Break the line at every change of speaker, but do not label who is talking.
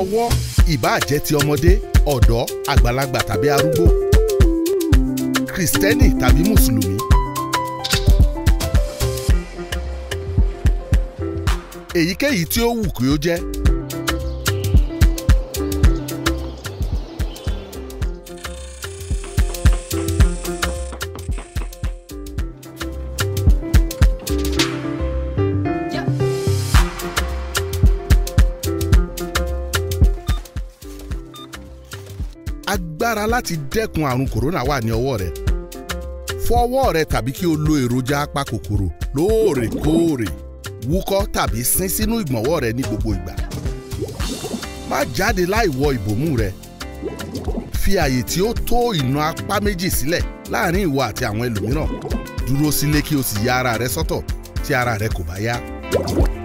ọwọ́ ìbáà jẹ́ ti ọmọdé ọ̀dọ́ àgbàlagbà tàbí arúgbó kristẹni tàbí mùsùlùmí. èyíkéyìí tí ó wù kí ó jẹ́ agbára láti dẹ́kun àrùn kòrónà wà ní ọwọ́ rẹ fọwọ́ rẹ tàbí kí o lo èròjà apakòkòrò lóòrèkóòrè wúkọ́ tàbí sín sínú ìgbọ̀nwọ́ rẹ ní gbogbo ìgbà má jáde láì wọ ìbòmú rẹ fi àyè tí ó tó ìnà apá méjì sílẹ̀ láàrin ìwọ àti àwọn ẹlòmíràn dúró sílé kí o sì ya ara rẹ sọ́tọ̀ tí ara rẹ kò bá yá.